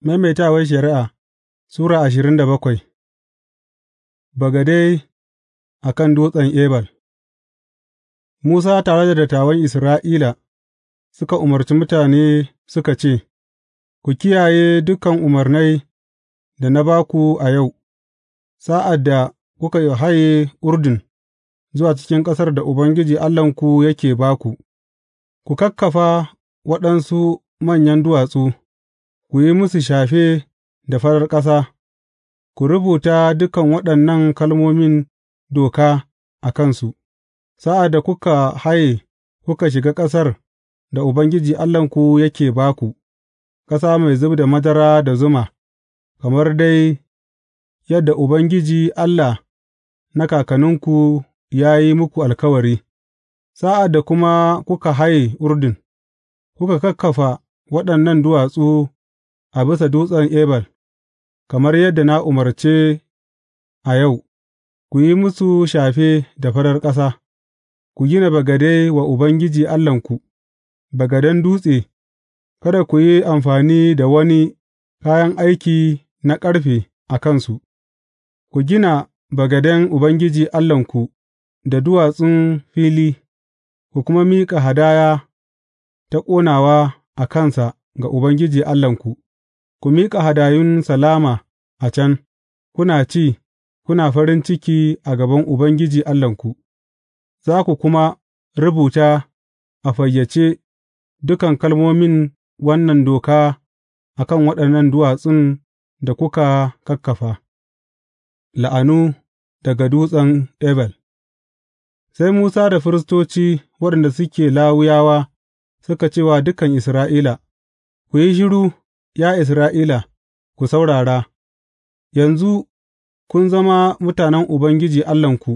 Maimaitawar Shari'a Sura ashirin da bakwai Bagade a kan Dutsen Ebal Musa tare da dattawan Isra'ila suka umarci mutane suka ce, Ku kiyaye dukan umarnai da na ba ku a yau, sa'ad da kuka yi haye Urdun zuwa cikin ƙasar da Ubangiji Allahnku yake ba ku, ku kakkafa waɗansu manyan duwatsu. ku yi musu shafe da farar ƙasa, ku rubuta dukan waɗannan kalmomin doka a kansu, sa'ad da kuka haye kuka shiga ƙasar da Ubangiji Allahnku yake ba ku, ƙasa mai zub da madara da zuma, kamar dai yadda Ubangiji Allah na kakanninku ya yi muku alkawari, sa'ad da kuma kuka haye Urdun, kuka kakkafa waɗannan duwatsu a bisa dutsen Ebal, kamar yadda na umarce a yau, ku yi musu shafe da farar ƙasa, ku gina bagade wa Ubangiji Allahnku, bagaden dutse, kada ku yi amfani da wani kayan aiki na ƙarfe a kansu, ku gina bagaden Ubangiji Allahnku da duwatsun fili, ku kuma miƙa hadaya ta ƙonawa a kansa ga Ubangiji Allahnku. Ku miƙa hadayun salama a can, kuna ci, kuna farin ciki a gaban Ubangiji Allahnku, za ku kuma rubuta a fayyace dukan kalmomin wannan doka a kan waɗannan duwatsun da kuka kakkafa. La'anu daga Dutsen ebel. Sai Musa da firistoci waɗanda suke lawuyawa suka ce wa dukan Isra'ila, Ku yi shiru! Ya Isra'ila, ku saurara, yanzu kun zama mutanen Ubangiji Allahnku,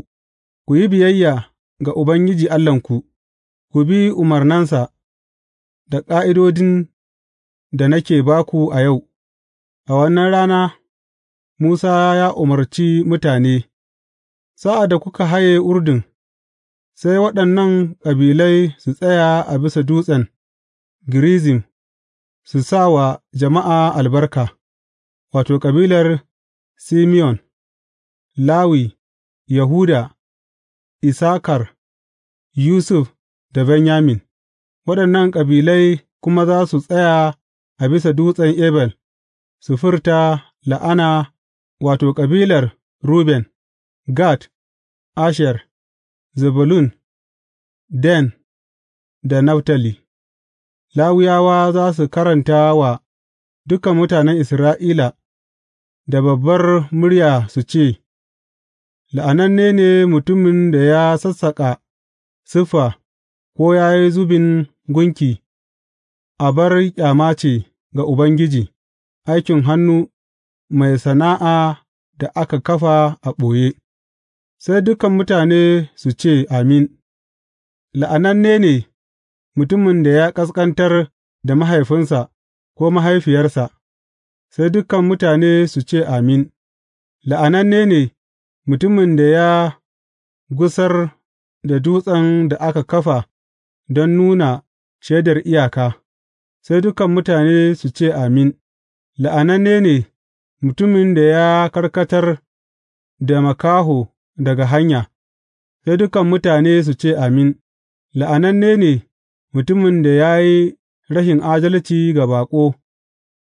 ku yi biyayya ga Ubangiji Allahnku, ku bi umarnansa da ƙa'idodin da nake ba ku a yau, a wannan rana Musa ya umarci mutane, Sa'ad da kuka haye Urdun, sai waɗannan ƙabilai su tsaya a bisa dutsen Gerizim. su sa wa jama'a albarka, wato, kabilar Simeon, Lawi, Yahuda, Isakar, Yusuf da Benyamin, waɗannan kabilai kuma za su tsaya a bisa dutsen Ebel su furta la'ana, wato, kabilar Ruben, Gad, Asher, Zebulun, Den da Naftali. Lawiyawa za su karanta wa dukan mutanen Isra'ila da babbar murya su ce, La'ananne ne mutumin da ya sassaƙa siffa ko ya yi zubin gunki, abar ƙyama ce ga Ubangiji, aikin hannu mai sana'a da aka kafa a ɓoye, sai dukan mutane su ce, Amin, La'ananne ne. mutumin da ya ƙasƙantar da mahaifinsa ko mahaifiyarsa, sai dukan mutane su ce Amin, la'ananne ne mutumin da ya gusar da dutsen da aka kafa don nuna shaidar iyaka, sai dukan mutane su ce Amin, la'ananne ne mutumin da ya karkatar da makaho daga hanya, sai dukan mutane su ce Amin, la'ananne ne. mutumin da ya yi rashin adalci ga baƙo,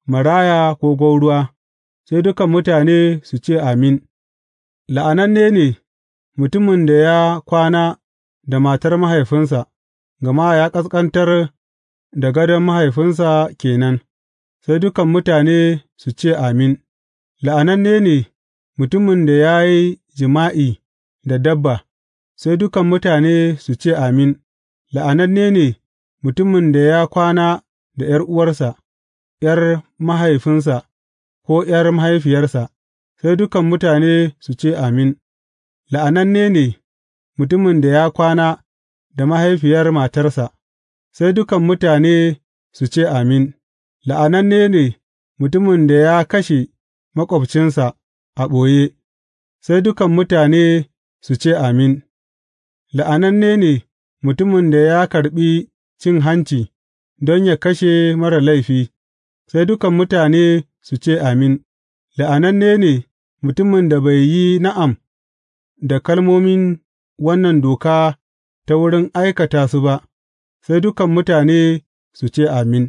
maraya ko gwauruwa, sai dukan mutane su ce Amin, la'ananne ne mutumin da ya kwana da matar mahaifinsa, gama ya ƙasƙantar da gadon mahaifinsa kenan sai dukan mutane su ce Amin, la'ananne ne mutumin da ya yi jima'i da dabba, sai dukan mutane su ce Amin, la'ananne ne mutumin da ya kwana da ’yar'uwarsa, ’yar mahaifinsa ko ’yar mahaifiyarsa, sai dukan mutane su ce Amin, La'ananne ne mutumin da ya kwana da mahaifiyar matarsa, sai dukan mutane su ce Amin, La'ananne ne mutumin da ya kashe maƙwabcinsa a ɓoye, sai dukan mutane su ce Amin, La'ananne ne mutumin da ya karɓi cin hanci don yă kashe marar laifi, sai dukan mutane su ce Amin, la'ananne ne mutumin da bai yi na'am da kalmomin wannan doka ta wurin aikata su ba, sai dukan mutane su ce Amin.